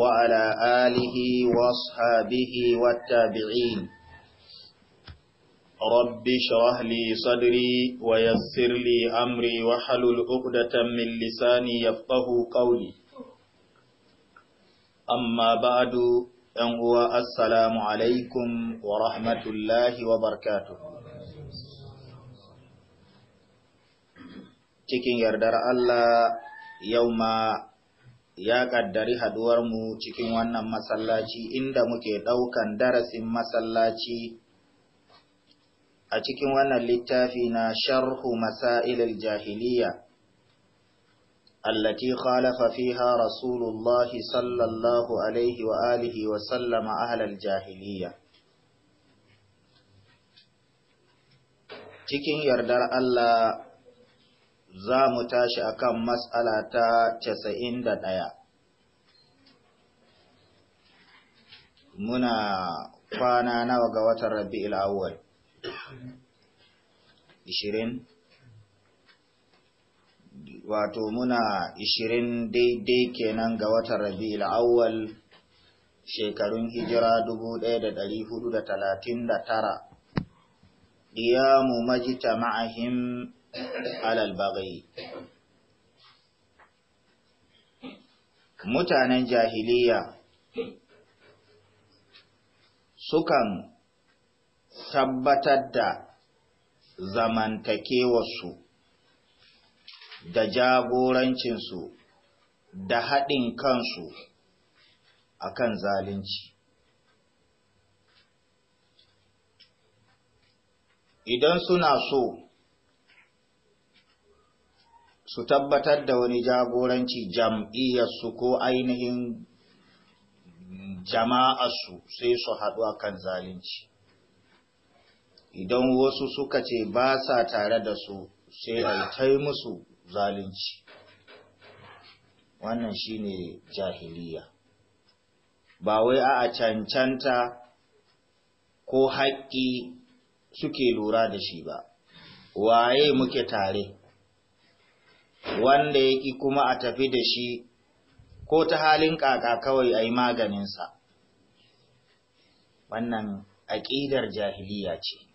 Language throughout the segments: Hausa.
وعلى آله واصحابه والتابعين رب شرح لي صدري ويسر لي أمري وحلل عقدة من لساني يفقه قولي أما بعد أنه السلام عليكم ورحمة الله وبركاته cikin yardar Allah yau ma ya ƙaddari haduwarmu cikin wannan masallaci inda muke ɗaukan darasin masallaci a cikin wannan littafi na sharhu masailil jahiliya allati khalafa fiha sallallahu alaihi wa alihi wa sallama ahlal jahiliya cikin yardar Allah za mu tashi a kan matsala ta casa'in da ɗaya. Muna kwana nawa ga watan Rabi'ul ilawar Ishirin? Wato muna 20 daidai kenan ga watan Rabi'ul ilawar shekarun hijira dubu ɗaya da hudu da talatin da tara. majita ma'ahim alal mutanen jahiliya sukan tabbatar da zamantakewarsu da jagorancinsu da haɗin kansu a kan zalunci idan suna so su tabbatar da wani jagoranci jam'iyyar su ko ainihin jama'arsu sai su haɗu a kan zalunci idan wasu suka ce ba sa tare da su sai yi musu zalunci wannan shi ne jahiliya ba wai a cancanta ko haƙƙi suke lura da shi ba waye muke tare wanda ya ƙi kuma a tafi da shi ko ta halin ƙaƙa kawai a yi maganinsa. Wannan aƙidar jahiliya ce.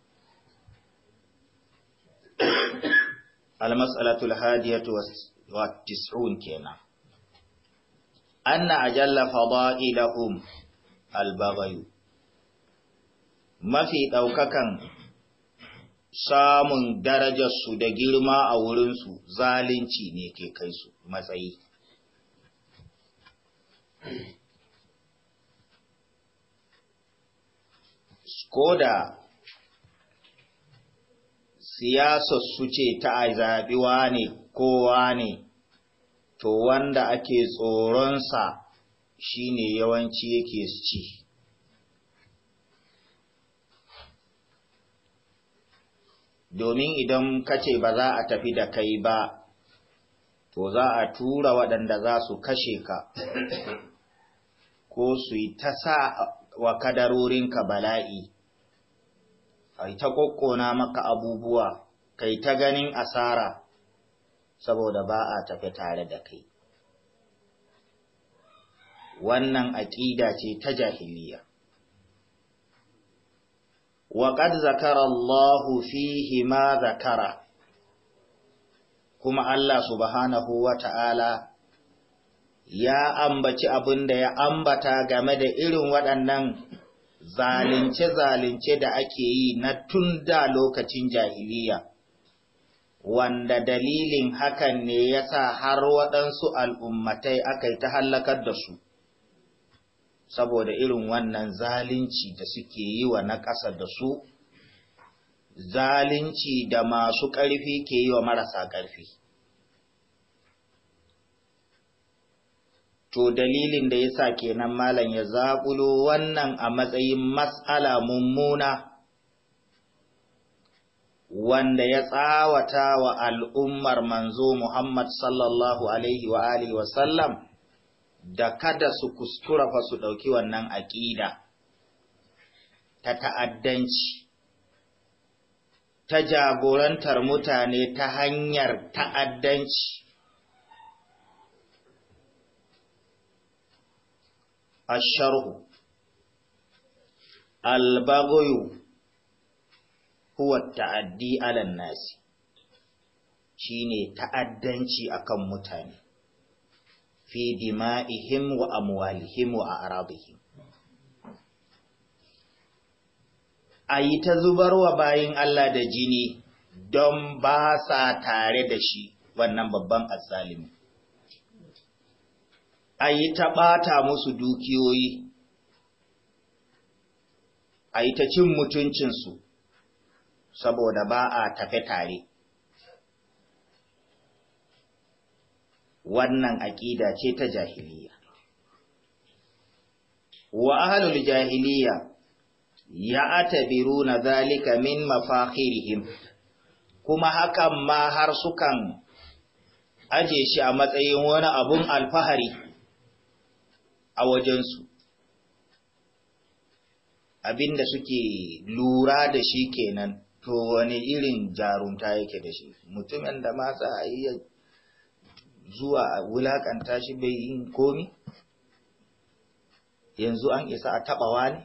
Almasalatul hadiyatu wa tis'un kenan. Anna ajalla fada'ilahum albabayu. Mafi ɗaukakan samun darajarsu da girma a wurinsu zalunci ne ke kai su matsayi. Koda siyasar su ce ta zaɓiwa wane kowa ne, to wanda ake tsoronsa shi ne yawanci yake ci. domin idan ka ce ba za a tafi da kai ba to za a tura waɗanda za su kashe ka ko su yi ta sa wa kadarorinka bala'i yi ta ƙoƙona maka abubuwa kai ta ganin asara saboda ba a tafi tare da kai wannan aƙida ce ta jahiliya وقد ذكر الله فيه ما ذكر kuma Allah subhanahu wa ta'ala ya ambaci abin da ya ambata game da irin waɗannan zalunce-zalunce da ake yi na tun da lokacin jahiliya, wanda dalilin hakan ne ya sa har waɗansu al'ummatai aka ta hallakar da su. saboda irin wannan zalunci da suke yi wa na ƙasa da su zalunci da masu ƙarfi ke yi wa marasa ƙarfi to dalilin da yasa kenan malam ya zaƙulo wannan a matsayin mas'ala mummuna wanda ya tsawata wa al'ummar manzo Muhammad sallallahu Alaihi wa Alihi da kada su kuskura fa su ɗauki wannan aƙida ta ta'addanci, ta jagorantar mutane ta hanyar ta'addanci. Asharhu Albagoyo huwa ta'addi alan nasi shine ne ta'addanci akan mutane. fi dima'ihim wa amwalihim wa aradihim a yi ta wa bayin Allah da jini don ba sa tare da shi wannan babban azzalimi a yi ta ɓata musu dukiyoyi a yi ta cin mutuncinsu saboda ba a tafe tare wannan aƙida ce ta jahiliya wa ahlul jahiliya ya na zalika min mafakhirihim kuma hakan ma har sukan aje shi a matsayin wani abun alfahari a wajensu abinda suke lura da shi kenan to wani irin jarumta yake da shi mutumin da ma a iya zuwa a wulakanta shi bai yi komi yanzu an isa a taɓawa ne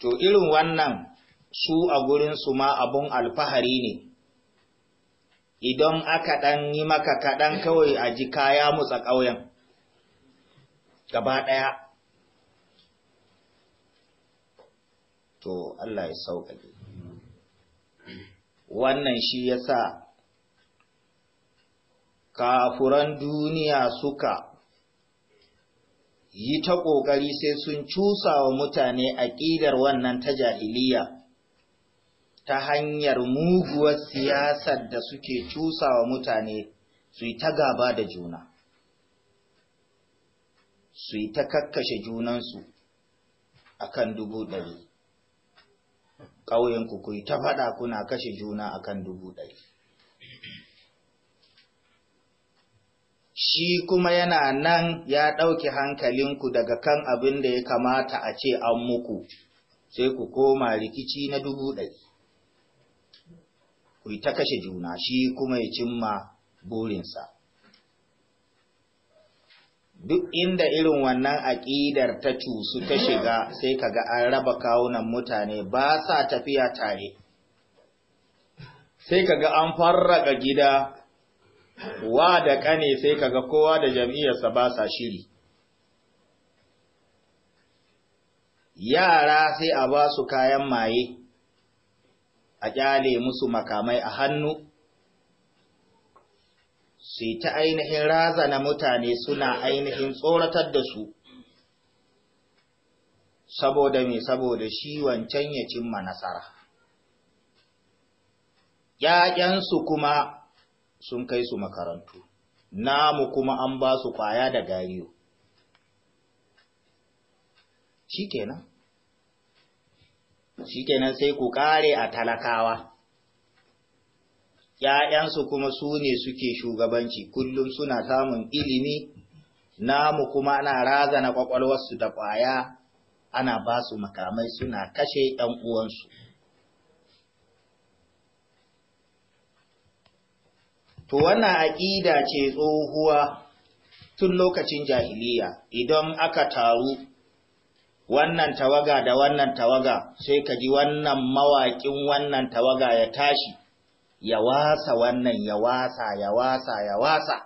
to irin wannan su a su ma abun alfahari ne idan aka ɗan yi maka kaɗan kawai a ji kaya mutsa ƙauyen gaba ɗaya to Allah ya sauƙaƙe wannan shi ya sa kafuran duniya suka yi ta ƙoƙari sai sun cusa wa mutane aƙidar wannan ta jahiliya ta hanyar muguwar siyasar da suke cusa wa mutane su yi ta gaba da juna su yi ta kakkashe junansu a kan dubu ɗari ƙauyenku ku yi ta faɗa kuna kashe juna a kan dubu ɗari shi kuma yana nan ya ɗauki hankalinku daga kan abin da ya kamata a ce an muku, sai ku koma rikici na dubu ɗari. Ku ta kashe juna, shi kuma ya cimma burinsa. Duk inda irin wannan aƙidar ta cusu ta shiga sai kaga an raba kawunan mutane ba sa tafiya tare. Sai kaga an farraga gida wa da ƙane sai kaga kowa da jam'iyyarsa ba sa shiri. Yara sai a ba su kayan maye, a ƙyale musu makamai a hannu, su yi ta ainihin razana mutane suna ainihin tsoratar da su, saboda me saboda shi wancan ya cimma nasara. ‘Ya'yansu kuma sun kai su makarantu, namu kuma an ba su kwaya da gariyo. Shi kenan? sai ku kare a talakawa. ‘Ya'yansu kuma su ne suke shugabanci, kullum suna samun ilimi, namu kuma ana razana ƙwaƙwalwarsu da kwaya ana ba su makamai suna kashe ‘yan uwansu. to wannan aƙida ce tsohuwa tun lokacin jahiliya idan aka taru wannan tawaga da wannan tawaga sai ka ji wannan mawaƙin wannan tawaga ya tashi ya wasa wannan ya wasa ya wasa ya wasa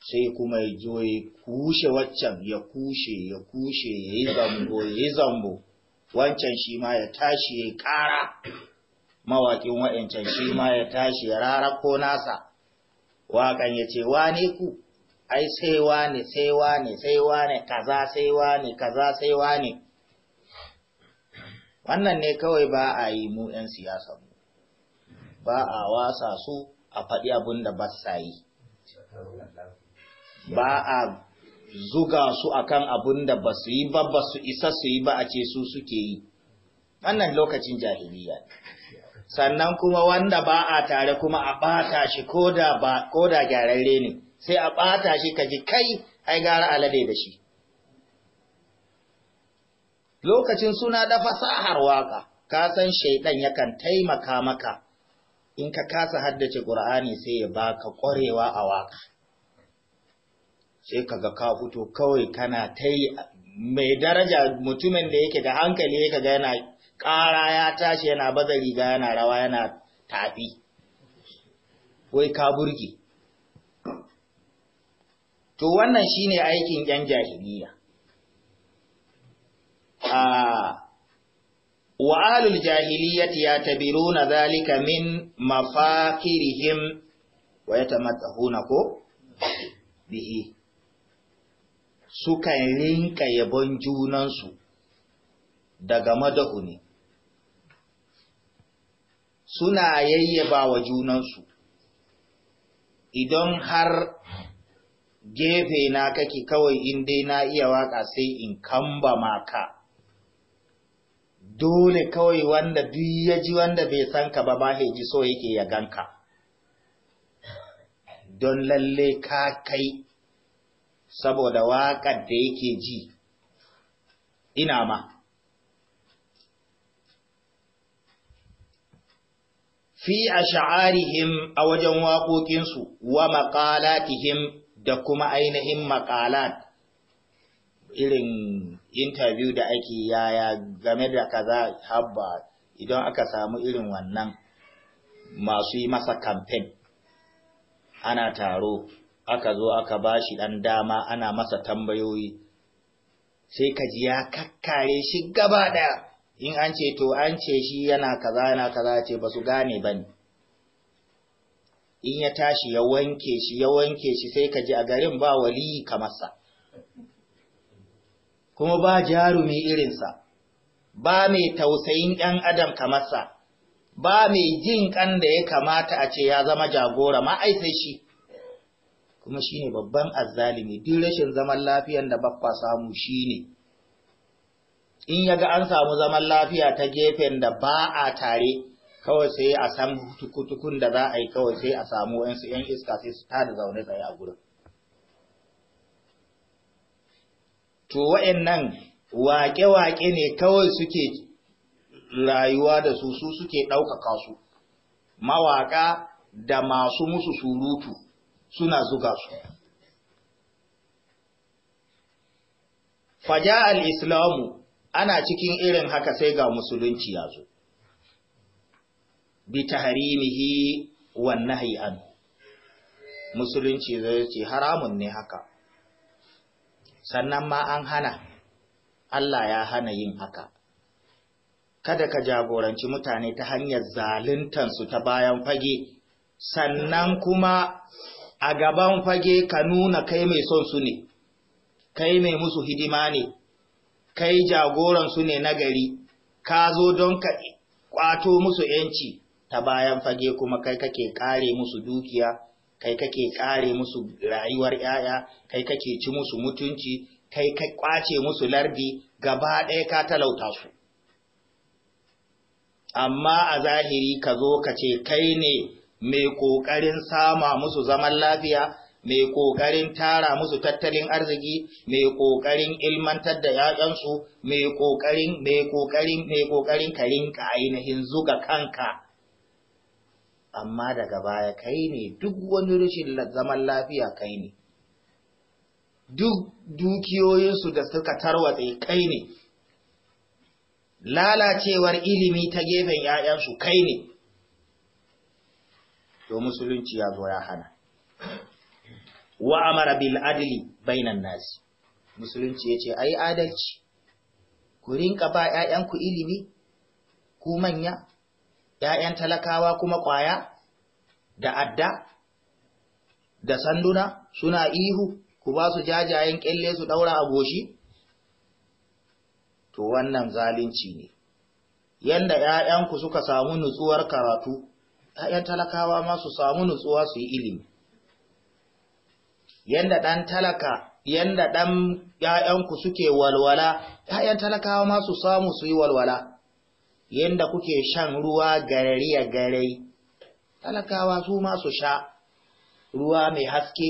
sai kuma ya zo ya kushe waccan ya kushe ya kushe ya yi zambo ya yi zambo wancan shi ma ya tashi ya yi ƙara mawaƙin wa'yancan shi ma ya tashi ya rara ko nasa waƙan ya ce wane ku ai sai wane sai wane sai wane kaza sai wane kaza sai wane wannan ne kawai ba a yi mu 'yan siyasa mu ba a wasa su a faɗi abin da ba yi ba a zuga su akan abin da ba su yi ba ba su isa su yi ba a ce su suke yi wannan lokacin jahiliya sannan kuma wanda ba a tare kuma a ɓata shi ko da gyararre ne sai a ɓata shi ka ji kai ai gara alade da shi lokacin suna da fasahar waka ka san shaidan yakan taimaka maka in ka kasa haddace ƙur'ani sai ya baka ƙwarewa a waka sai kaga ka fito kawai kana ta yi mai daraja mutumin da yake da hankali yake ga yana ƙara ya tashi yana baza riga yana rawa yana tafi wai ka burge to wannan shine aikin yan jahiliya a wa ya jahiliyyati na zalika min mafakirihim wa yatamattahuna ko bihi sukan rinka yabon junansu daga madahuni suna yayyaba wa junansu idan har gefe na kake kawai in dai na iya waka sai in kamba maka dole kawai wanda duk ya ji wanda bai san ka ba ba ji so yake ya ganka don lalle ka kai saboda waka da yake ji ina ma fi a sha'arihim a wajen waƙoƙinsu wa maƙalatihim da kuma ainihin maƙalat irin interview da ake yaya game da kaza habba idan aka samu irin wannan masu yi masa kamfen ana taro aka zo aka ba shi ɗan dama ana masa tambayoyi sai ka ji ya kakkare shi gaba ɗaya in an ce to an ce shi yana kaza yana kaza ce ba su gane ba ne in ya tashi ya wanke shi ya wanke shi sai ka ji a garin ba wali kamarsa kuma ba jarumi irin sa, ba mai tausayin ɗan adam kamarsa ba mai jin kan da ya kamata a ce ya zama jagora ma ai sai shi kuma shine babban azzalimi duk rashin zaman lafiyar da babba samu shine in ya ga an samu zaman lafiya ta gefen da ba a tare kawai sai a san tukutukun da za a yi kawai sai a samu wayansu yan iska sai su tada zaune tsaye a gurin to wayannan waƙe-waƙe ne kawai suke rayuwa da su su suke ɗaukaka su mawaƙa da masu musu surutu suna zuga su faja Al-Islamu. ana cikin irin haka sai ga musulunci ya zo bi taharimihi wan nahyi an musulunci zai ce haramun ne haka sannan ma an hana Allah ya hana yin haka kada ka jagoranci mutane ta hanyar su ta bayan fage sannan kuma a gaban fage ka nuna kai mai son su ne kai mai musu hidima ne kai jagoransu ne na gari, ka zo don ka ƙwato musu ‘yanci ta bayan fage kuma kai kake ƙare musu dukiya, kai kake ƙare musu rayuwar ‘ya'ya, kai kake ci musu mutunci, kai ka ƙwace musu lardi gaba ɗaya ka talauta su. Amma a zahiri ka zo ka ce kai ne mai ƙoƙarin sama musu zaman lafiya, mai ƙoƙarin tara musu tattalin arziki, mai ƙoƙarin ilmantar da ‘ya'yansu, mai ƙoƙarin, mai ƙoƙarin, mai ƙoƙarin ka ainihin zuga kanka. Amma daga baya kai ne duk wani rashin zaman lafiya kai ne, duk dukiyoyinsu da suka tarwatse kai ne, lalacewar ilimi ta gefen ‘ya'yansu kai ne, to musulunci ya zo ya hana. wa amara bil adli bainan nasi musulunci yace ai adalci ku rinka ba ƴaƴanku ilimi ku manya ƴaƴan talakawa kuma ƙwaya da adda da sanduna suna ihu ku ba su jajayen ƙyalle su ɗaura a goshi to wannan zalunci ne yanda ‘ya'yanku suka samu nutsuwar karatu, ‘ya'yan talakawa ma su samu nutsuwa su yi ilimi. yanda ɗan talaka yanda ɗan ‘ya'yanku suke walwala, ‘ya'yan talakawa ma su samu su yi walwala, yanda kuke shan ruwa a garai, talakawa su ma su sha ruwa mai haske,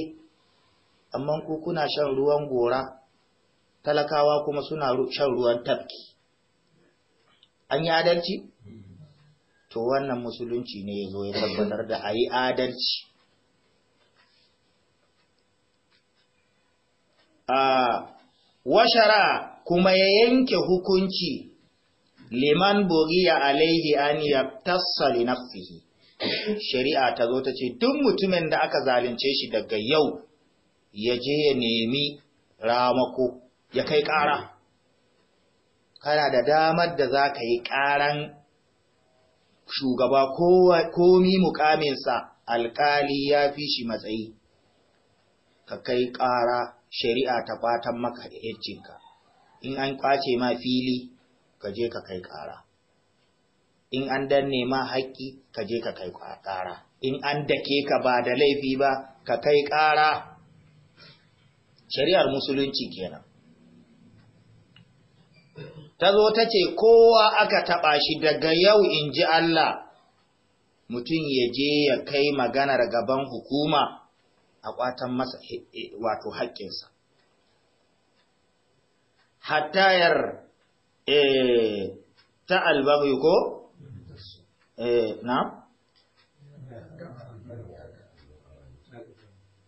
amma ku kuna shan ruwan gora, talakawa kuma suna shan ruwan tafki. An yi adalci? To wannan musulunci ne ya zo ya tabbatar da a yi adalci. washara kuma ya yanke hukunci liman ya alaihi an yaftassa li nafsihi shari'a ta zo ta ce duk mutumin da aka zalunce shi daga yau ya je ya nemi ramako ya kai ƙara kana da damar da za ka yi ƙaran shugaba komi mukaminsa alkali ya fi shi matsayi ka kai ƙara shari'a ta fatan maka ƴancinka in an kwace ma fili ka je ka kai ƙara in an danne ma haƙƙi ka je ka kai ƙara in an dake ka ba da laifi ba ka kai ƙara shari'ar musulunci kenan ta zo ta ce kowa aka taɓa shi daga yau in ji Allah mutum ya je ya kai maganar gaban hukuma a ƙwatan masa wato haƙƙinsa. Hattayar eh, ta albabu ko? Eh, Na?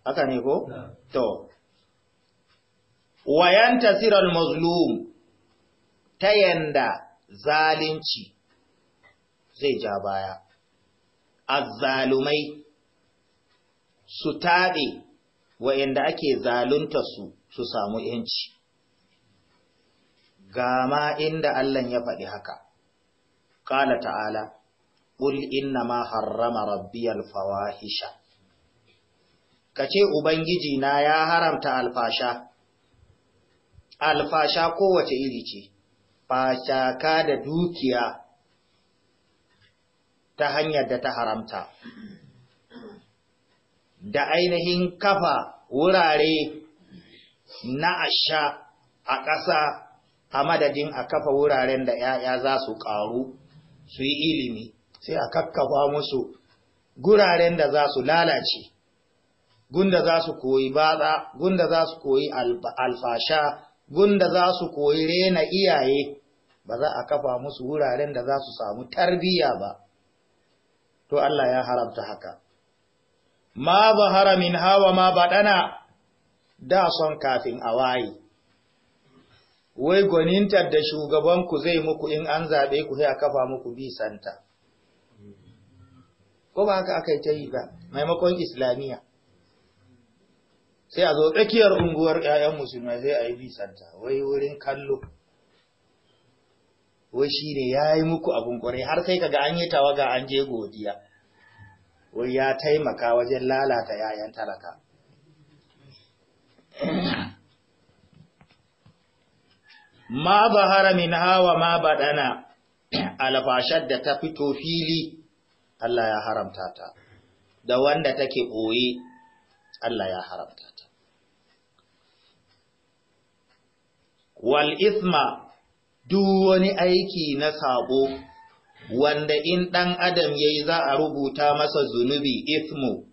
Haka ne ko? To, wayan tasirar mazlum ta yanda zalunci zai ja baya, azzalumai su taɓe wa'inda ake zalunta su su samu ‘yanci. Gama inda Allah ya faɗi haka, ƙala ta'ala, ƙul inna ma harrama rabbiyar fawahisha. Ka ce Ubangiji na ya haramta alfasha, alfasha kowace iri ce, fashaka da dukiya ta hanyar da ta haramta. da ainihin kafa wurare na asha a ƙasa a madadin a kafa wuraren da ‘ya'ya za su ƙaru su yi ilimi sai a kakkafa musu guraren da za su lalace gunda za su koyi batsa gunda za su koyi alfasha gunda za su koyi rena iyaye ba za a kafa musu wuraren da za su samu tarbiyya ba to Allah ya haramta haka ma zahara min hawa ma baɗana da son kafin a waye. Wai gwanintar da shugabanku zai muku in an zaɓe ku sai a kafa muku bi santa. Ko ba haka aka yi ta yi ba, maimakon Islamiyya. Sai a zo tsakiyar unguwar ‘ya'yan musulmai sai a yi bi santa, wai wurin kallo. Wai shi ne ya yi muku abin ƙwarai har sai kaga an yi tawaga an je godiya. wai ya taimaka wajen lalata yayan talaka ma zahara min hawa ma ɗana alfashar da ta fito fili Allah ya haramta ta da wanda take ɓoye Allah ya haramta ta wal isma duk wani aiki na sabo wanda in ɗan adam ya za a rubuta masa zunubi ismu,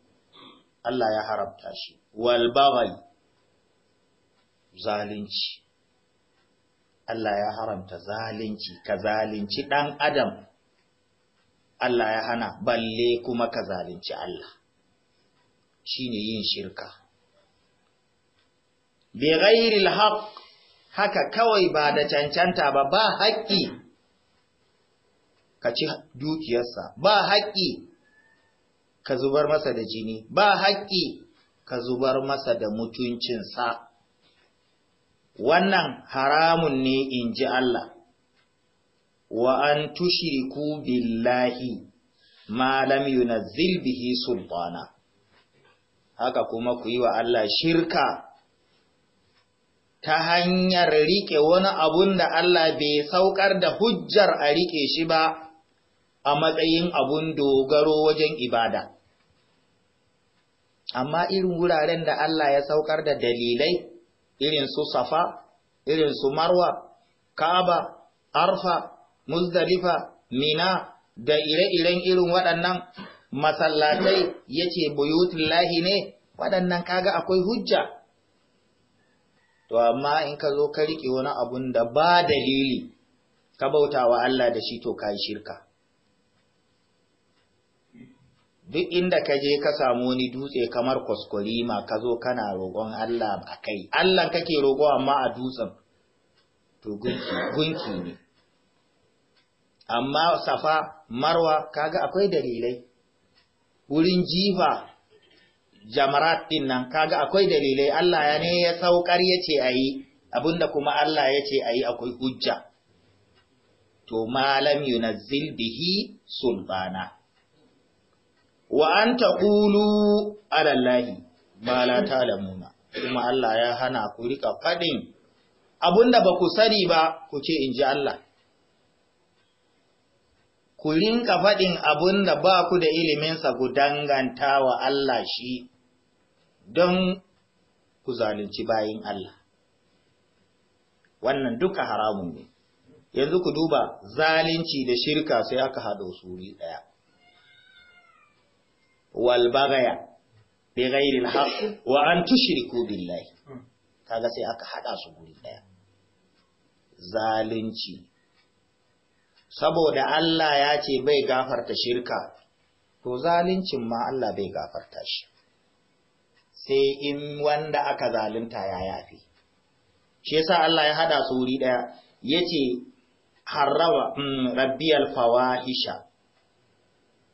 Allah ya harabta shi, walbawai zalunci. Allah ya haramta zalunci, ka zalunci ɗan adam, Allah ya hana, balle kuma ka zalunci Allah, shi ne yin shirka. Bai ghairil haka kawai ba da cancanta ba, ba haƙƙi. ka ci dukiyarsa ba haƙƙi ka zubar masa da jini ba haƙƙi ka zubar masa da mutuncinsa wannan haramun ne in ji Allah wa an tushriku billahi ma lam yunazzil bihi sultana haka kuma ku yi wa Allah shirka ta hanyar riƙe wani abun da Allah bai saukar da hujjar a riƙe shi ba a matsayin abun dogaro wajen ibada. Amma irin wuraren da Allah ya saukar da dalilai, irin su safa, irin su marwa, kaba, arfa, muzdalifa, mina, da ire-iren irin waɗannan masallatai ya ce buyutullahi ne, waɗannan kaga akwai hujja. to amma in ka zo ka riƙe wani abun da ba dalili ka bauta wa Allah da shi to ka shirka duk inda ka je ka samu wani dutse kamar kwaskwarima ka zo kana roƙon Allah a kai Allah kake roƙo amma a dutsen to gunki ne amma safa marwa kaga akwai dalilai wurin jifa jamarat din nan kaga akwai dalilai Allah ya ne ya saukar ya ce a yi abinda kuma Allah ya ce a yi akwai hujja to malam yunazzil bihi sulbana. wa an alalahi, ala allahi ba la ta'lamuna kuma Allah ya hana ku rika fadin da ba ku sani ba ku ce in ji Allah ku rinka fadin abunda ba ku da iliminsa ku danganta wa Allah shi don ku zalunci bayin Allah. Wannan duka haramun ne, yanzu ku duba zalunci da shirka sai aka haɗo suri ɗaya. walbagaya bi ghairi al wa an tushriku billahi kaga sai aka hada su guri daya zalunci saboda Allah ya ce bai gafarta shirka to zaluncin ma Allah bai gafarta shi sai in wanda aka zalunta ya yafi shi yasa Allah ya hada su wuri daya yace harrawa rabbiyal fawahisha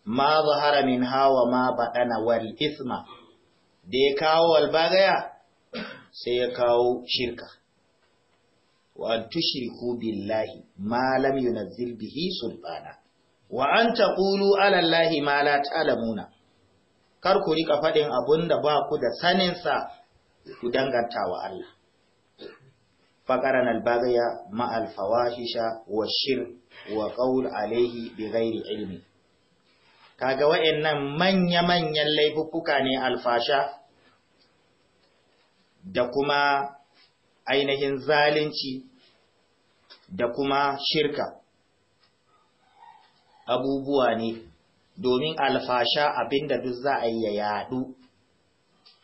ma zahara min hawa ma baɗana wal isma da ya kawo albagaya sai ya kawo shirka wa an tushriku billahi ma lam yunazzil bihi sultana wa an taƙulu ala ma la ta'lamuna kar ku rika faɗin abun da ba ku da saninsa ku danganta wa Allah فقرن البغي مع الفواحش والشر وقول عليه بغير علم kaga wa'annan manya-manyan laifuka ne alfasha da kuma ainihin zalunci da kuma shirka abubuwa ne domin alfasha abinda duk za a yi ya yaɗu,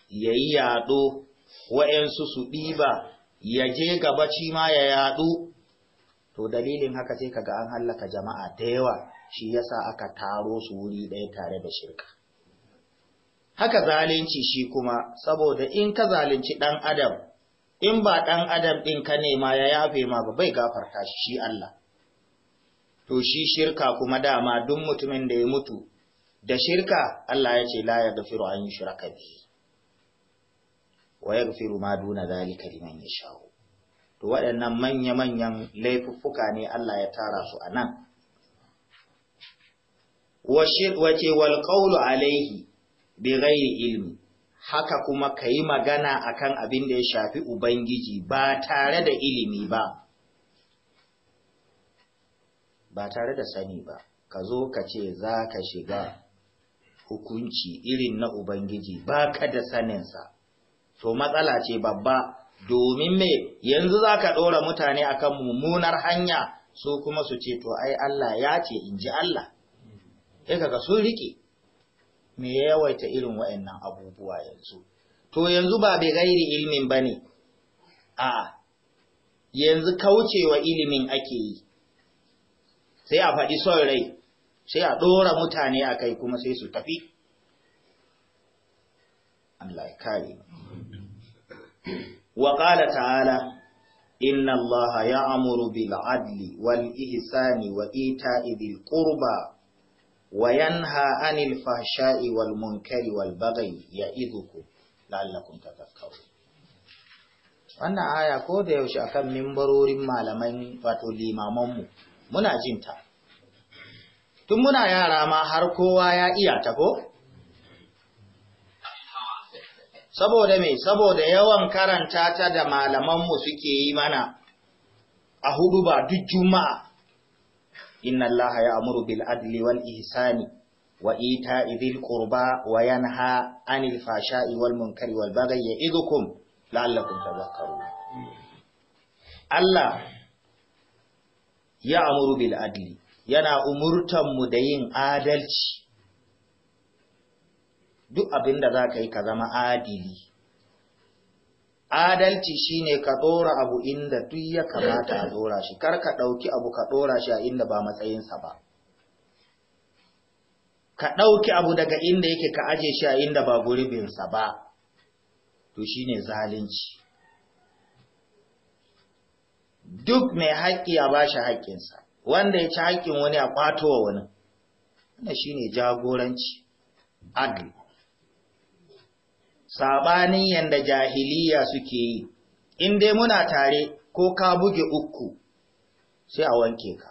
ya yi yaɗo wa'yansu su ɗiba ya je gabaci ma ya yaɗu. to dalilin haka sai kaga an hallaka jama'a da yawa shi yasa aka taro su wuri ɗaya tare da shirka haka zalunci shi kuma saboda in ka zalunci ɗan adam in ba ɗan adam ɗin ka nema ya yafe ma ba bai gafarta shi shi Allah to shi shirka kuma dama duk mutumin da ya mutu da shirka Allah ya ce la ya gafiru an yi shirka bihi wa ya ma duna zalika liman ya sha'u to waɗannan manya-manyan laifuffuka ne Allah ya tara su a nan. Wace walƙaulu alaihi bi ghairi ilmi, haka kuma ka yi magana a kan abin da ya shafi Ubangiji ba tare da ilimi ba, ba tare da sani ba, ka zo ka ce za ka shiga hukunci irin na Ubangiji ba ka da saninsa, to matsala ce babba. domin me yanzu za ka ɗora mutane akan mummunar hanya su kuma su ce to ai Allah ya ce in ji Allah sai kaga sun riƙe me ya yawaita irin wa'annan abubuwa yanzu to yanzu ba bai gairi ilimin ba ne a yanzu kaucewa ilimin ake yi sai a faɗi son rai sai a ɗora mutane a kai kuma sai su tafi Allah ya kare wa qala ta'ala inna allaha ya'muru bil adli wal ihsani wa ita'i dhil qurba wa yanha 'anil fahsha'i wal munkari wal baghi ya'idhukum la'allakum tadhakkarun wannan aya ko da yaushe akan mimbarorin malaman wato limaman muna jin ta tun muna yara ma har kowa ya iya ta ko saboda me saboda yawan karanta ta da malamanmu suke yi mana a hudu ba duk juma'a inna Allah ya amuru bil adli wal ihsani wa ita idil qurba wa yanha anil fashai wal munkari wal baghi ya'idukum la'allakum tadhakkarun Allah ya amuru bil adli yana umurtan mu da yin adalci duk abin da za ka yi ka zama adili adalci shine ka ɗora abu inda duk ya kamata a ɗora shi kar ka ɗauki abu ka ɗora shi a inda ba matsayinsa ba ka ɗauki abu daga inda yake ka aje shi a inda ba gurbinsa ba, to shi ne zalunci. Duk mai haƙƙi a ba shi haƙƙinsa, wanda ya ci haƙƙin wani a ƙwato wa wani, wanda shi ne jagoranci, adl. saɓanin yadda jahiliya suke yi, in dai muna tare ko ka buge uku sai a wanke ka.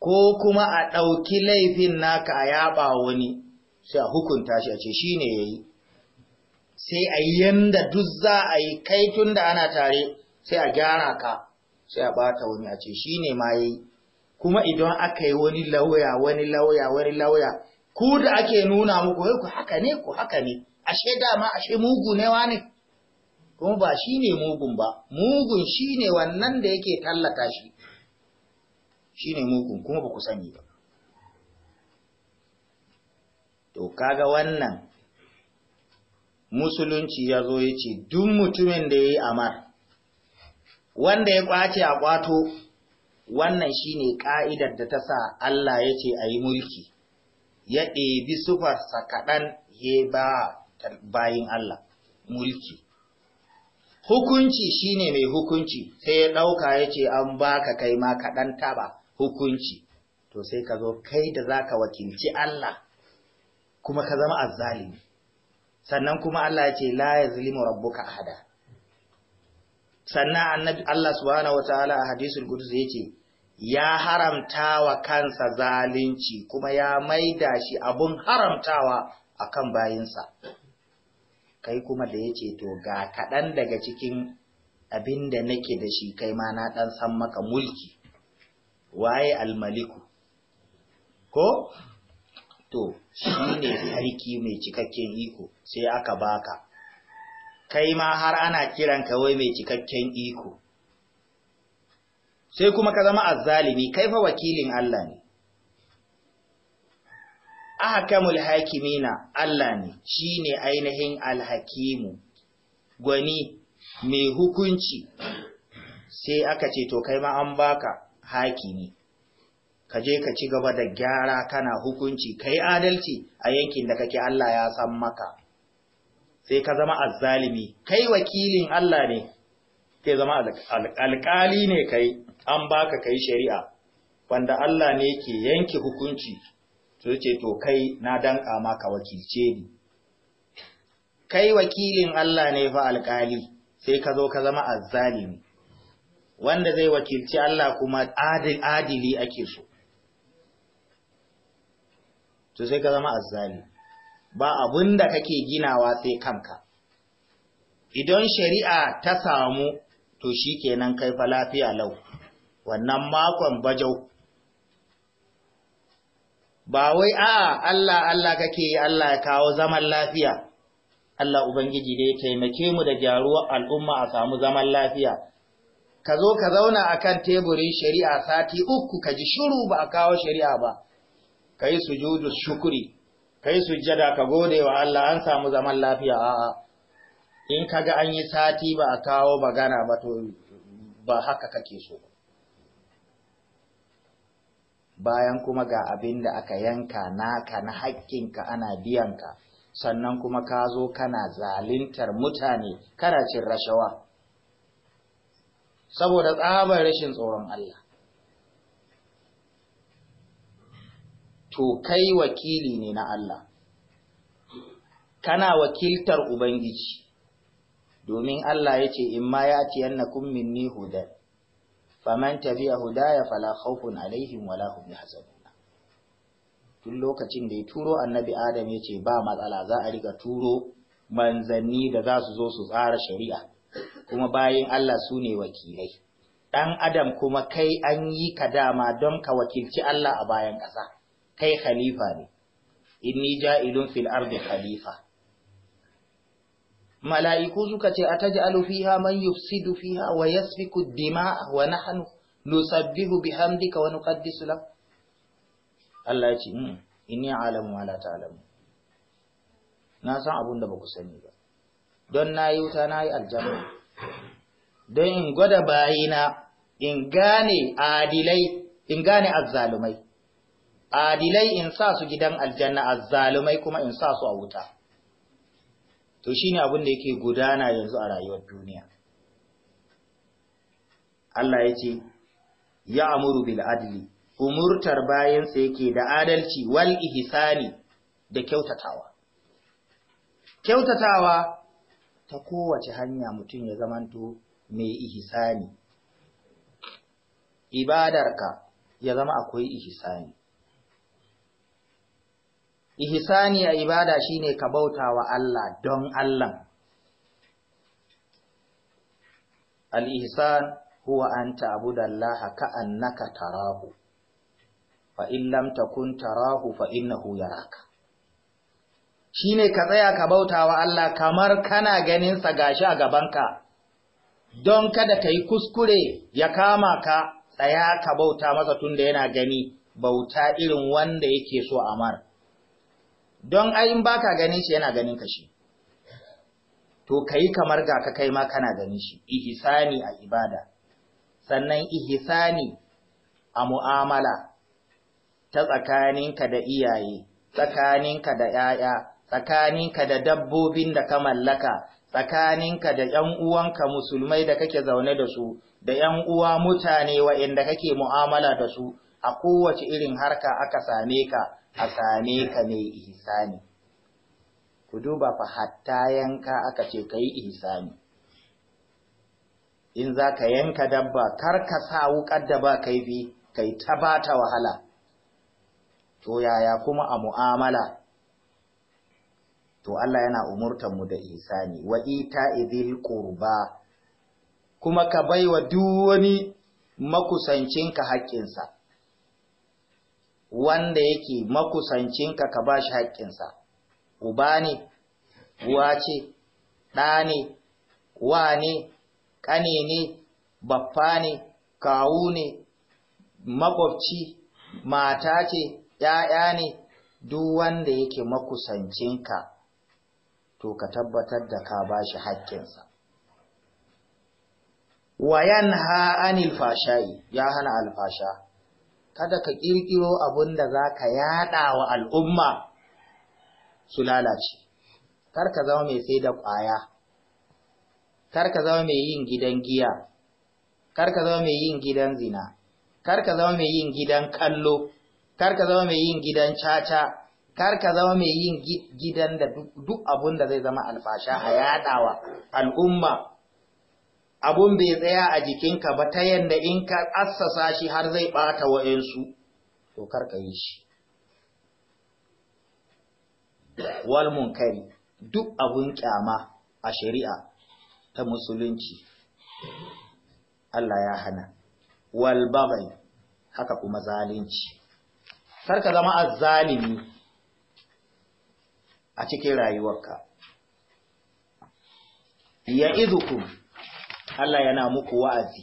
Ko kuma a ɗauki laifin naka a yaɓa wani sai a hukunta shi a ce shi ne ya yi, sai a yi duk za a yi kai tun da ana tare sai a gyara ka sai a ɓata wani a ce shi ne ma ya yi. Kuma idan aka yi wani lauya, wani lauya, wani lauya, ku da ake nuna muku ku haka ne ku haka ne ashe dama ashe mugu ne wani kuma ba shi ne mugun ba mugun shi ne wannan da yake tallata shi shi ne mugun kuma ba ku sani ba to kaga wannan musulunci ya zo ya ce duk mutumin da ya yi amar wanda ya kwace a kwato wannan shi ne ka'idar da ta sa Allah ya ce a yi mulki ya ɗebi sufarsa kaɗan ya ba bayin Allah mulki. Hukunci shine mai hukunci sai ya ɗauka ya ce an baka kai ma kaɗan taba hukunci, to sai ka zo kai da za ka wakilci Allah kuma ka zama azzalimi. Sannan kuma Allah ya ce la ya zulimu rabbuka ahada. Sannan Allah subhanahu wa ta'ala a hadisul Qudus zai ce ya haramtawa kansa zalunci kuma ya maida shi abun haramtawa a kan bayinsa. Kai kuma da ya ce to ga kaɗan daga cikin abin da nake da shi kai ma na ɗan san maka mulki, waye almaliku, ko? To, shi ne sarki mai cikakken iko sai aka baka, kai ma har ana kiran kawai mai cikakken iko. sai kuma ka zama azzalimi kai fa wakilin Allah ne ahkamul hakimina Allah ne shine ainihin alhakimu gwani mai hukunci sai aka ce to kai ma an baka hakimi ka je ka ci gaba da gyara kana hukunci kai adalci a yankin da kake Allah ya san maka sai ka zama azzalimi kai wakilin Allah ne Kai zama alƙali ne kai an baka kai shari'a wanda Allah ne ke yanke hukunci su ce to kai na danka maka wakilce ni kai wakilin Allah ne fa alkali sai ka zo ka zama azzalimi wanda zai wakilci Allah kuma adili ake so to sai ka zama azzalimi ba abinda da kake ginawa sai kanka idan shari'a ta samu to shi kenan kai fa lafiya lau wannan makon bajau ba wai a'a Allah Allah kake yi Allah ya kawo zaman lafiya Allah Ubangiji dai taimake mu da gyaruwar al'umma a samu zaman lafiya. Ka zo ka zauna a kan teburin shari'a sati uku ka ji shuru ba a kawo shari'a ba, ka yi sujudu shukuri, ka yi sujjada ka gode wa Allah an samu zaman lafiya a'a. In ka ga an yi sati ba a kawo magana ba to ba haka kake so ba. bayan kuma ga abin da aka yanka naka na haƙƙinka ana biyanka sannan kuma ka zo kana zalintar mutane karacin rashawa saboda tsabar rashin tsoron Allah to kai wakili ne na Allah kana wakiltar Ubangiji domin Allah ya ce in ma ya ci yannakum minni hudan faman tabi'a hudaya fala khawfun alaihim wala hum yahzanun tun lokacin da ya turo annabi adam ya ce ba matsala za a riga turo manzanni da za su zo su tsara shari'a kuma bayan Allah su ne wakilai ɗan adam kuma kai an yi ka dama don ka wakilci Allah a bayan ƙasa kai khalifa ne inni ja'ilun fil ardi khalifa mala'iku suka ce a taj'alu fiha man yufsidu fiha wa yasfiku dima'a wa nahnu nusabbihu bihamdika wa nuqaddisu lak Allah ya ce mm, inni alamu wa la ta'lamu na san abun da baku sani ba don nayi wuta nayi aljanna don in gwada bayina in gane adilai in gane azzalumai adilai in sa su gidan aljanna azzalumai kuma in sa su a wuta to shine abin da yake gudana yanzu a rayuwar duniya Allah ya ce ya amuru bil adli umurtar bayansa yake da adalci wal ihsani da kyautatawa kyautatawa ta kowace hanya mutum ya zamanto mai ihsani ibadarka ya zama akwai ihsani ihsani a ibada shine ka bauta wa Allah don Allah al-ihsan huwa an ta'budu Allah ka'annaka tarahu fa in lam takun tarahu fa innahu yaraka shine ka tsaya ka bauta wa Allah kamar kana ganinsa sa gashi a gabanka don kada kai kuskure ya kama ka tsaya ka bauta masa tunda yana gani bauta irin wanda yake so a mara. don ayin baka ganin shi yana ganin ka shi to ka yi kamar ga ka kai ma kana ganin shi ihisani a ibada sannan ihisani a mu'amala ta tsakaninka da iyaye tsakaninka da 'ya'ya, tsakaninka da dabbobin da ka mallaka tsakaninka da ‘yan uwanka musulmai da kake zaune da su, da ‘yan uwa mutane wa'inda kake mu'amala da su, a kowace irin harka aka same ka, a same ka mai ihsani ku duba fa hatta yanka aka ce kai ihsani in za ka yanka dabba kar ka sa wukar da ba kai kaifi kai ta bata wahala to yaya kuma a mu'amala to Allah yana umurtar mu da ihsani wa ita idil qurba kuma ka baiwa duk wani makusancinka haƙƙinsa wanda yake makusancinka ka ba shi haƙƙinsa, uba ne, uwa ce, ɗa ne, wa ne, ƙane ne, baffa ne, kawu ne, makwabci, mata ce, ‘ya'ya ne, duk wanda yake makusancinka, to ka tabbatar da ka ba shi haƙƙinsa. Wayan ha anil fashayi ya hana alfasha. kada ka ƙirƙiro abin da za ka yaɗa wa al'umma su lalace kar ka zama mai sai da ƙwaya kar ka zama mai yin gidan giya kar ka zama mai yin gidan zina kar ka zama mai yin gidan kallo kar ka zama mai yin gidan caca kar ka zama mai yin gidan da duk abun da zai zama alfasha a yadawa al'umma abun bai tsaya a jikinka ba ta yadda in ka assasa shi har zai ɓata wayansu to karka yi shi. Walmun kari, duk abun kyama a shari'a ta musulunci, Allah ya hana, walbabai haka kuma zalunci. Karka zama a zalimi a cikin rayuwarka. Ya izukum. Allah yana muku wa'azi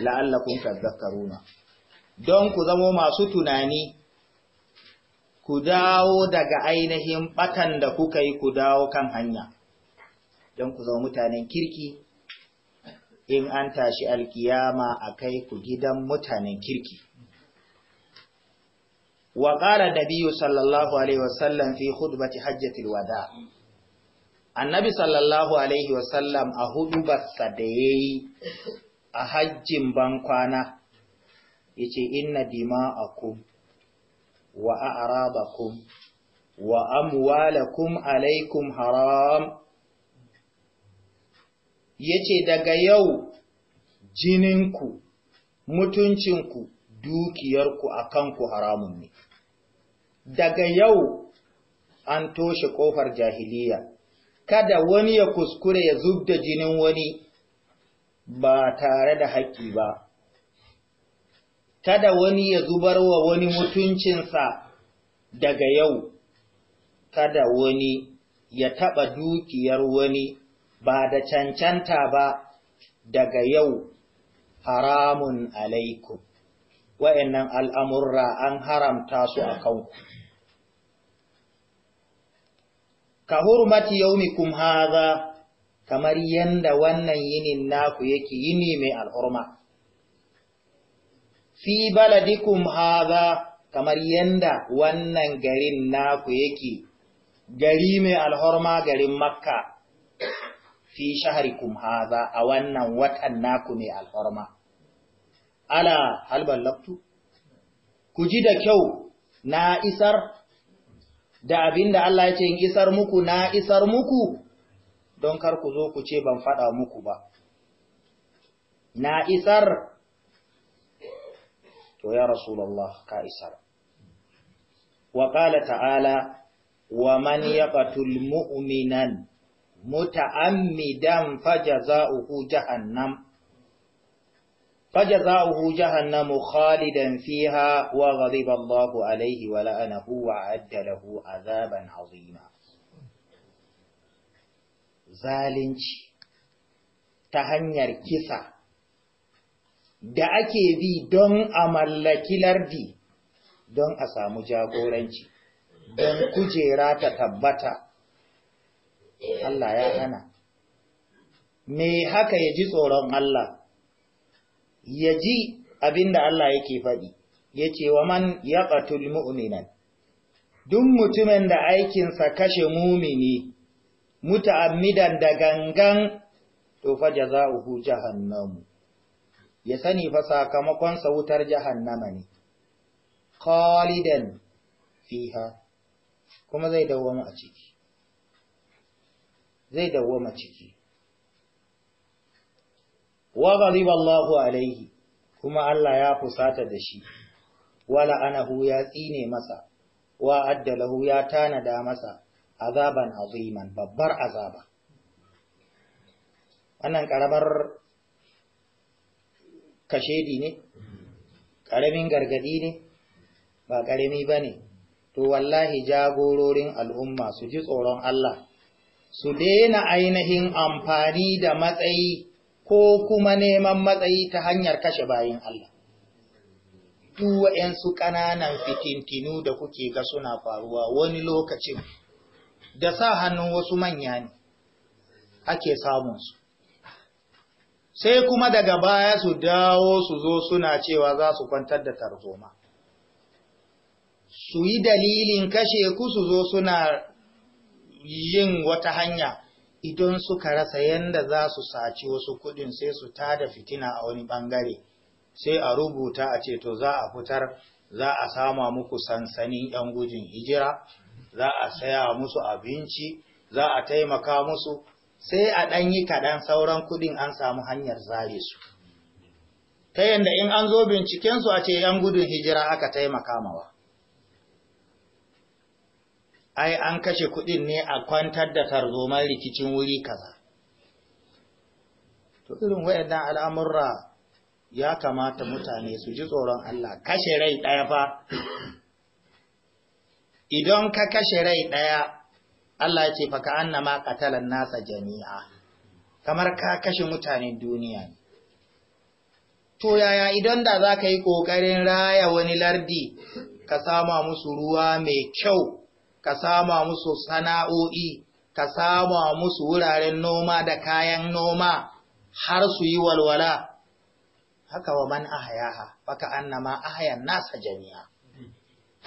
la'allakum tadhakkaruna don ku zamo masu tunani ku dawo daga ainihin ɓakan da kuka yi ku dawo kan hanya don ku zama mutanen kirki in an tashi alkiyama a kai ku gidan mutanen kirki wa ƙara nabiyyu sallallahu alaihi wasallam fi khutbati hajjatil wada' annabi sallallahu alaihi wasallam a hudubarsa da ya yi a hajjin bankwana ya ce inna dima'akum wa a'rabakum wa amwalakum alaikum haram ya ce daga yau jininku mutuncinku dukiyarku a kanku haramun ne daga yau an toshe ƙofar jahiliya kada wani ya kuskure ya zub da jinin wani ba tare da haƙƙi ba, kada wani ya zubar wa wani mutuncinsa daga yau, kada wani ya taɓa dukiyar wani ba da cancanta ba daga yau haramun alaikum, wa'yannan al'amurra an haramta su a kanku. ka hurmati yaumi hadha kamar yanda wannan yinin naku yake yini mai alhurma fi baladikum hadha kamar yanda wannan garin naku yake gari mai alhorma garin makka fi shaharikum hadha a wannan watan naku mai alhorma ala halballaktu ku ji da kyau na isar da abin da Allah ya ce in isar muku na isar muku don kar ku zo ku ce ban faɗa muku ba. Na isar, to ya Rasulallah ka isar. Wa ƙala ta'ala, wa man ya mu'minan muta'ammidan faja za'uku jahannam, فجزاؤه جهنم خالدا فيها وغضب الله عليه ولعنه وأعد له عذابا عظيما zalunci ta hanyar kisa da ake bi don a mallaki lardi don a samu jagoranci don kujera ta tabbata Allah ya hana me haka ya ji tsoron Allah ya ji abin da Allah yake faɗi, ya ce wa man ya ƙatul mu'minan, Dun mutumin da aikinsa kashe mumini, muta'ammidan da gangan, to fa jaza'uhu jahannamu, ya sani fa sakamakonsa wutar jahannama ne, khalidan fiha, kuma zai dawwama a ciki. Zai dawwama ciki. wa ghaliba Allahu alaihi kuma Allah ya fusata da shi wala anahu ya tsine masa wa addalahu ya tanada masa azaban aziman babbar azaba wannan karamar kashedi ne karamin gargadi ne ba karami bane to wallahi jagororin al'umma su ji tsoron Allah su daina ainihin amfani da matsayi ko kuma neman matsayi ta hanyar kashe bayin Allah. Duk su ƙananan fitintinu da kuke ga suna faruwa wani lokacin da sa hannun wasu manya ne ake samun su. Sai kuma daga baya su dawo su zo suna cewa za su kwantar da tarzoma. Su yi dalilin kashe ku su zo suna yin wata hanya idan suka rasa yanda za su saci wasu kuɗin sai su tada fitina a wani ɓangare sai a rubuta a ce to za a fitar za a sama muku sansanin 'yan gujin hijira za a saya musu abinci za a taimaka musu sai a ɗan yi kaɗan sauran kuɗin an samu hanyar zare su ta yanda in an zo bincikensu a ce 'yan gudun hijira aka taimaka mawa ai an kashe kuɗin ne a kwantar da tarzoman rikicin wuri kaza to irin waɗannan al'amurra ya kamata mutane su ji tsoron Allah kashe rai ɗaya fa idan ka kashe rai ɗaya Allah ce faka annama qatalan nasa jami'a kamar ka kashe mutane duniya to yaya idan da za ka yi ƙoƙarin raya wani lardi ka sama musu ruwa mai kyau ka sama musu sana'o'i, ka sama musu wuraren noma da kayan noma har su yi walwala. Haka wa man ahayaha, baka annama ahayan nasa jami'a.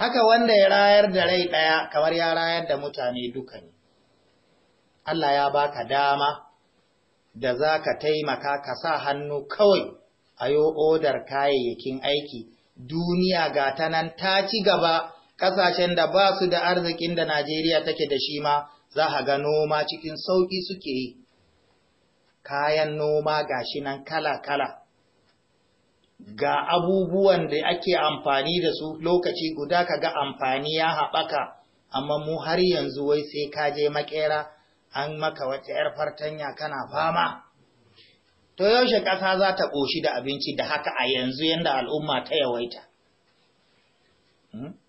Haka wanda ya rayar da rai ɗaya kamar ya rayar da mutane duka ne. Allah ya baka dama da za ka taimaka ka sa hannu kawai a yo'odar odar kayayyakin aiki, duniya ga ta nan ta ci gaba. ƙasashen da ba su da arzikin da Najeriya take da shi ma za a ga noma cikin sauƙi suke yi. Kayan noma ga shi nan kala-kala, ga abubuwan da ake amfani da su lokaci guda ka ga amfani ya haɓaka, amma mu har yanzu wai sai ka je makera an maka wata ‘yar fartanya kana fama. To yaushe ƙasa za ta ƙoshi da abinci da haka a yanzu yadda al'umma ta yawaita. Hmm?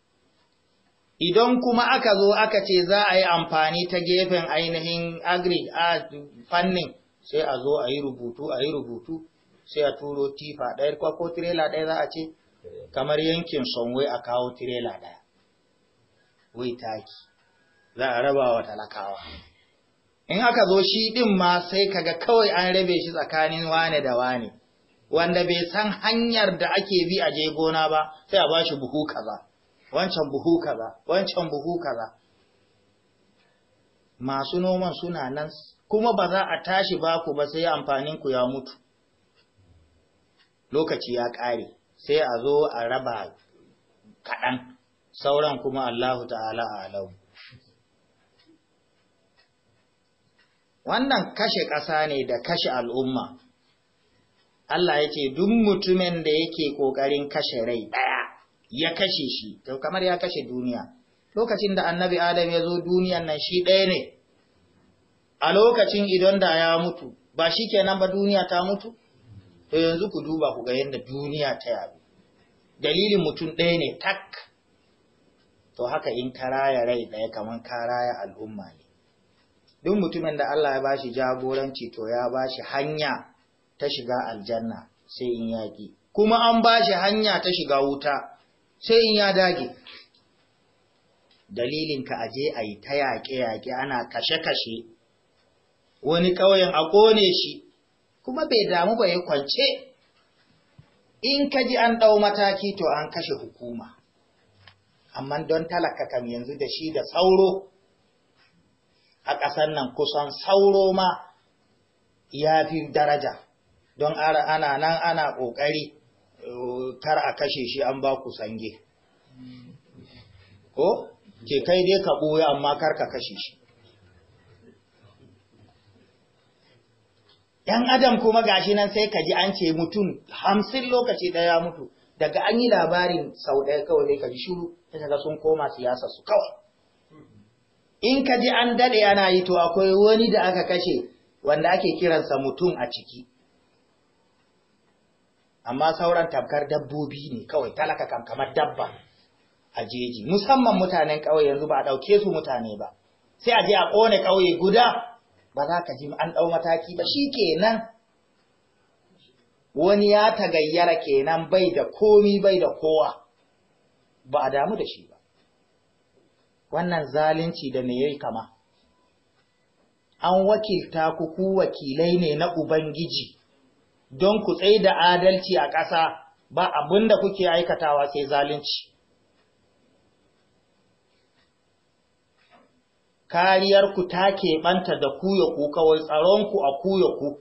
Idan kuma aka zo aka ce za a yi amfani ta gefen ainihin agri a fannin sai a zo a yi rubutu a yi rubutu sai a turo tifa ɗaya ko tirela ɗaya za a ce kamar yankin sonwe a kawo tirela ɗaya. Wai taki za a raba wa talakawa. In aka zo shi ɗin ma sai kaga kawai an rabe shi tsakanin wane da wane. wanda bai san hanyar da ake bi a je gona ba sai a bashi buhu kaza wancan buhu kaza wancan buhu kaza masu noman suna nan kuma ba za a tashi baku ba sai amfanin ku ya mutu lokaci ya ƙare sai a zo a raba kaɗan sauran kuma Allahu ta'ala a alau wannan kashe ƙasa ne da kashe al'umma Allah ya ce duk mutumin da yake ƙoƙarin kashe rai ɗaya ya kashe shi to kamar ya kashe duniya lokacin da annabi adam ya zo duniyan nan shi ɗaya ne a lokacin idan da ya mutu ba shi kenan ba duniya ta mutu to yanzu ku duba ku ga yadda duniya ta yabi dalilin mutum ɗaya ne tak to haka in ka raya rai ɗaya kamar ka raya al'umma ne duk mutumin da Allah ya bashi jagoranci to ya bashi hanya ta shiga aljanna sai in yaƙi kuma an bashi hanya ta shiga wuta sai in ya dage dalilinka aje a yi ta yaƙe-yaƙe ana kashe-kashe wani ƙauyen a ƙone shi kuma bai damu ba ya kwance in ka ji an ɗau mataki to an kashe hukuma amma don talaka kam yanzu da shi da sauro a ƙasar nan kusan sauro ma ya fi daraja don ana nan ana ƙoƙari kar a kashe shi an ba ku sange ko ke kai dai ka ɓoye amma kar ka kashe shi ‘yan adam kuma gashi nan sai ka ji an ce mutum hamsin lokaci ɗaya mutu daga an yi labarin sau ɗaya kawai sai ka ji shuru sai ka sun koma siyasa su kawai in ka ji an daɗe ana yi to akwai wani da aka kashe wanda ake kiransa mutum a ciki amma sauran tamkar dabbobi ne kawai talaka kam kamar dabba a jeji musamman mutanen ƙauye yanzu ba a ɗauke su mutane ba sai a je a ƙone ƙauye guda ba za ka ji an ɗau mataki ba shi kenan wani ya tagayyara kenan bai da komi bai da kowa ba a damu da shi ba wannan zalunci da me yayi kama an wakilta ku ku wakilai ne na ubangiji don ku tsaye da adalci a ƙasa ba abin da kuke aikatawa sai zalunci. Kariyarku ta keɓanta da kuya ku kawai tsaronku a kuyaku.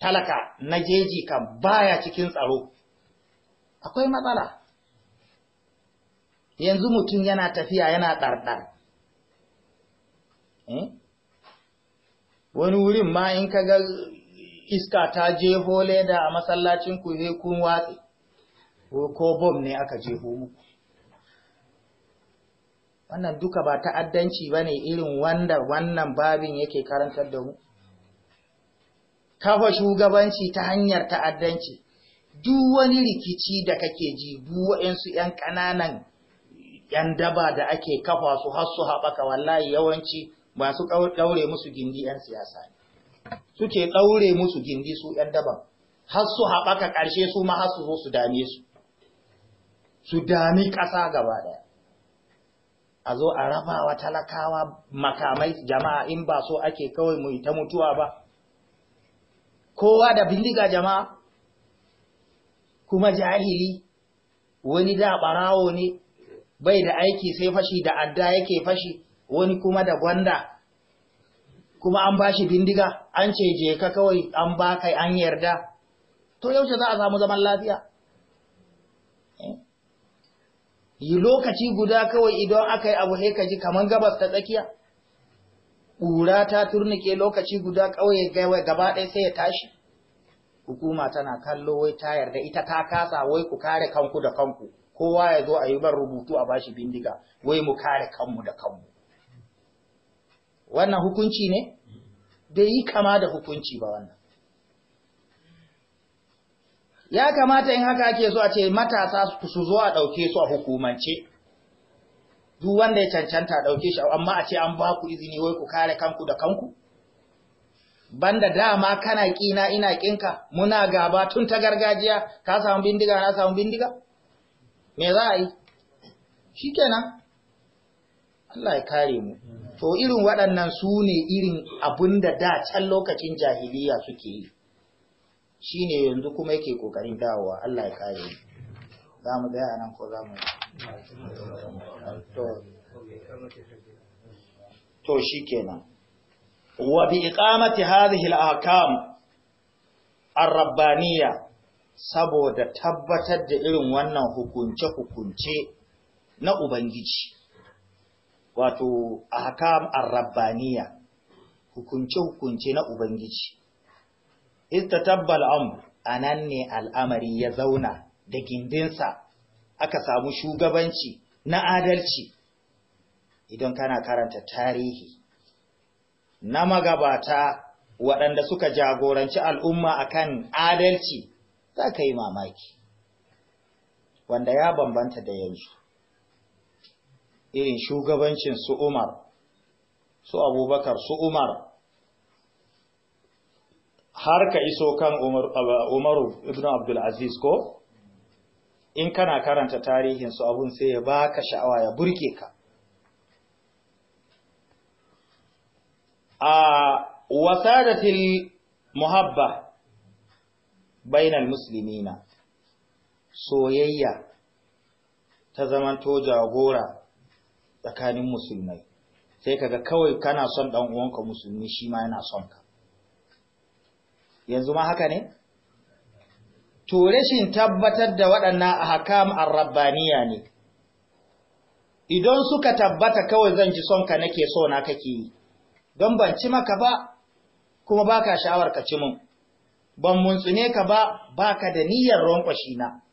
talaka na jeji kan baya cikin tsaro, akwai matsala. Yanzu mutum yana tafiya yana ɗarɗar. Eh? Wani wurin ma in ka ga iska ta jeho leda a masallacin ku sai kun watsi ko bom ne aka jeho muku wannan duka ba ta'addanci ba ne irin wanda wannan babin yake karantar da mu kafa shugabanci ta hanyar ta'addanci duk wani rikici da kake ji duk waɗansu 'yan ƙananan 'yan daba da ake kafa su har su haɓaka wallahi yawanci masu ɗaure musu gindi 'yan siyasa ne suke ɗaure musu gindi su ‘yan daban, har su haɓaka ƙarshe su ma har su zo su dame su, su dami ƙasa gaba ɗaya. A zo a raba wa talakawa makamai jama'a in ba so ake kawai mu ta mutuwa ba. Kowa da bindiga jama'a, kuma jahili, wani da ɓarawo ne, bai da aiki sai fashi da adda yake fashi, wani kuma da gwanda. kuma an ba shi bindiga an ce je ka kawai an ba kai an yarda to yaushe za a samu zaman lafiya eh? yi lokaci guda kawai idan aka yi abu ka ji kamar gabas ta tsakiya ƙura ta turnike lokaci guda kawai gaba ɗaya sai ya tashi hukuma tana kallo wai ta yarda ita ta kasa wai ku kare kanku da kanku kowa ya zo a yi ban rubutu a bashi bindiga wai mu kare kanmu da kanmu wannan hukunci ne bai yi kama da hukunci ba wannan ya kamata in haka ake so a ce matasa su zo a ɗauke su a hukumance duk wanda ya cancanta ɗauke shi amma a ce an ba ku izini wai ku kare kanku da kanku banda dama kana ƙina ina ƙinka muna gaba tun ta gargajiya ka samu bindiga na samu bindiga me za a yi shi kenan Allah ya kare mu to irin waɗannan su ne irin abin da da can lokacin jahiliya suke yi shi ne yanzu kuma yake ƙoƙarin dawowa Allah ya kare za mu gaya nan ko za mu to shi kenan wa bi iqamati hadhihi al-ahkam ar-rabbaniyya saboda tabbatar da irin wannan hukunce-hukunce na ubangiji wato ahkam ar-rabbaniya hukunce-hukunce na ubangiji istatabbal am anan ne al'amari ya zauna da gindinsa aka samu shugabanci na adalci idan kana karanta tarihi na magabata waɗanda suka jagoranci al'umma akan adalci za ka yi mamaki wanda ya bambanta da yanzu irin shugabancin su Umar su Abubakar su Umar har ka iso kan Umaru ibn Abdulaziz ko in kana karanta tarihin su abun sai ya baka sha'awa ya burke ka a wasadatil muhabba bainal na, soyayya ta zamanto jagora tsakanin musulmai sai kaga kawai kana son dan uwanka musulmi shi ma yana son ka yanzu ma haka ne to rashin tabbatar da waɗannan ahkam ar-rabbaniya ne idan suka tabbata kawai zan ji son ka nake so na kake yi don ban ci maka ba kuma baka sha'awar ka ci mun ban muntsune ka ba baka da niyyar ronkwashi na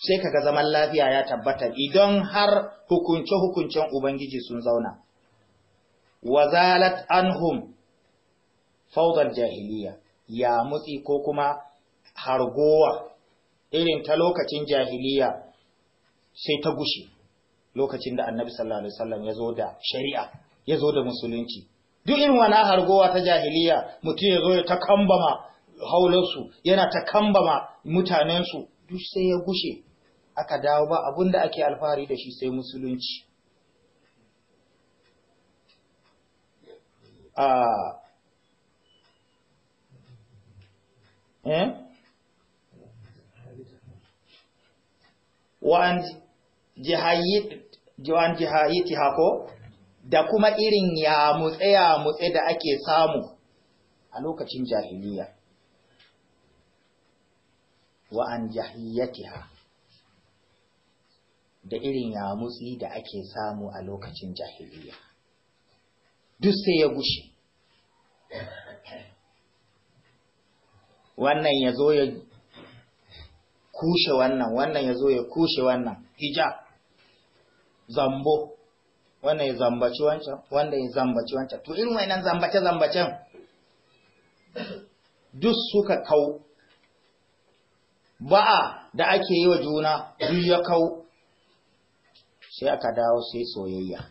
sai kaga zaman lafiya ya tabbata idan har hukunce-hukuncen Ubangiji sun zauna. Wazalat anhum faudar jahiliya, ya mutsi ko kuma hargowa irin ta lokacin jahiliya sai ta gushe lokacin da annabi sallallahu Alaihi wasallam ya zo da shari'a, ya zo da musulunci. Duk irin wana hargowa ta jahiliya mutum ya zo ya ta kambama haularsu, yana ta kambama mutanensu. duk sai ya gushe aka dawo ba abin da ake alfahari da shi sai musulunci a eh wa'an jihayiti hako da kuma irin ya ya mutse da ake samu a lokacin jahiliya wa'an jahiyatiha da irin yamutsi da ake samu a lokacin jahiliya duk sai ya gushe wannan ya zo ya kushe wannan wannan ya zo ya kushe wannan hijab zambo wannan ya zambaci wancan wannan ya zambaci wancan to irin wannan zambace zambacen duk suka kau ba'a da ake yi wa juna duk ya kau sai aka dawo sai soyayya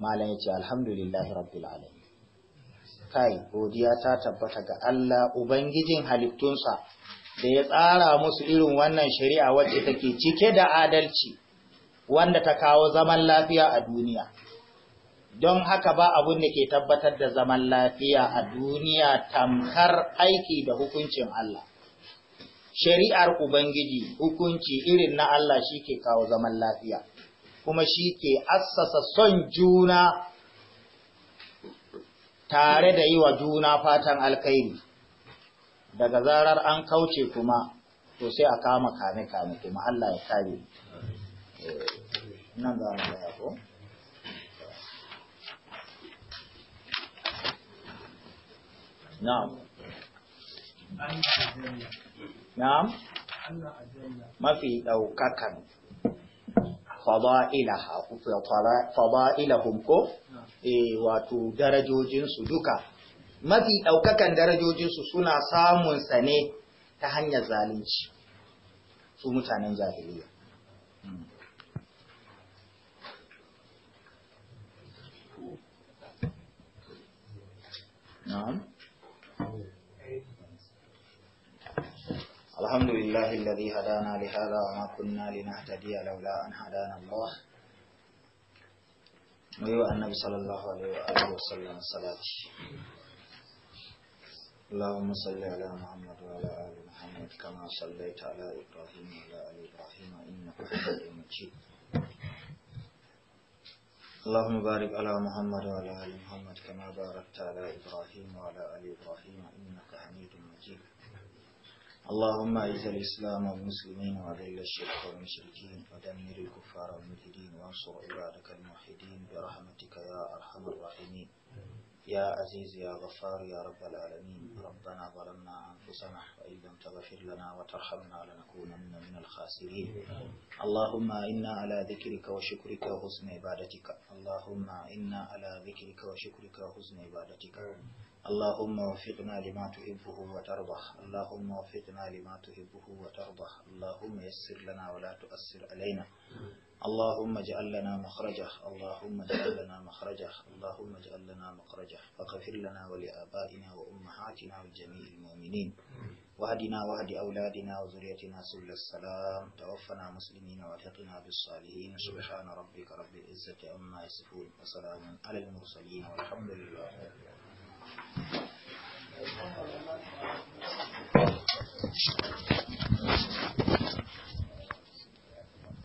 malam ya ce alhamdulillahi rabbil alamin kai godiya ta tabbata ga Allah ubangijin halittunsa da ya tsara musu irin wannan shari'a wacce take cike da adalci wanda ta kawo zaman lafiya a duniya don haka ba abun da ke tabbatar da zaman lafiya a duniya tamkar aiki da hukuncin Allah shari'ar Ubangiji hukunci irin na Allah shi ke kawo zaman lafiya, kuma shi ke assasa son juna tare da yi wa juna fatan alkairi. Daga zarar an kauce kuma, to sai a kama kame-kame kuma Allah ya kare. Eh, nan za mu ko? Na'am. na'am mafi ɗaukakan fada'ilahum ko eh wato darajojinsu duka mafi ɗaukakan darajojinsu suna samun sane ta hanyar zalunci su mutanen jahiliya hmm. الحمد لله الذي هدانا لهذا وما كنا لنهتدي لولا أن هدانا الله ويوى النبي صلى الله عليه وآله وسلم الصلاة اللهم صل على محمد وعلى آل محمد كما صليت على إبراهيم وعلى آل إبراهيم إنك حميد مجيد اللهم بارك على محمد وعلى آل محمد كما باركت على إبراهيم وعلى آل إبراهيم إنك اللهم اعز الاسلام والمسلمين واذل الشرك والمشركين ودمر الكفار والمجرمين وانصر عبادك الموحدين برحمتك يا ارحم الراحمين يا عزيز يا غفار يا رب العالمين ربنا ظلمنا أنفسنا وإن لم تغفر لنا وترحمنا لنكونن من الخاسرين اللهم إنا على ذكرك وشكرك وحسن عبادتك اللهم إنا على ذكرك وشكرك وحسن عبادتك اللهم وفقنا لما تحبه وترضى اللهم وفقنا لما تحبه وترضى اللهم يسر لنا ولا تؤثر علينا اللهم اجعل لنا مخرجا اللهم اجعل لنا مخرجا اللهم اجعل لنا مخرجا فاغفر لنا ولآبائنا وأمهاتنا وجميع المؤمنين واهدنا واهد أولادنا وذريتنا سبل السلام توفنا مسلمين والحقنا بالصالحين سبحان ربك رب العزة عما يصفون وسلام على المرسلين والحمد لله フフフ。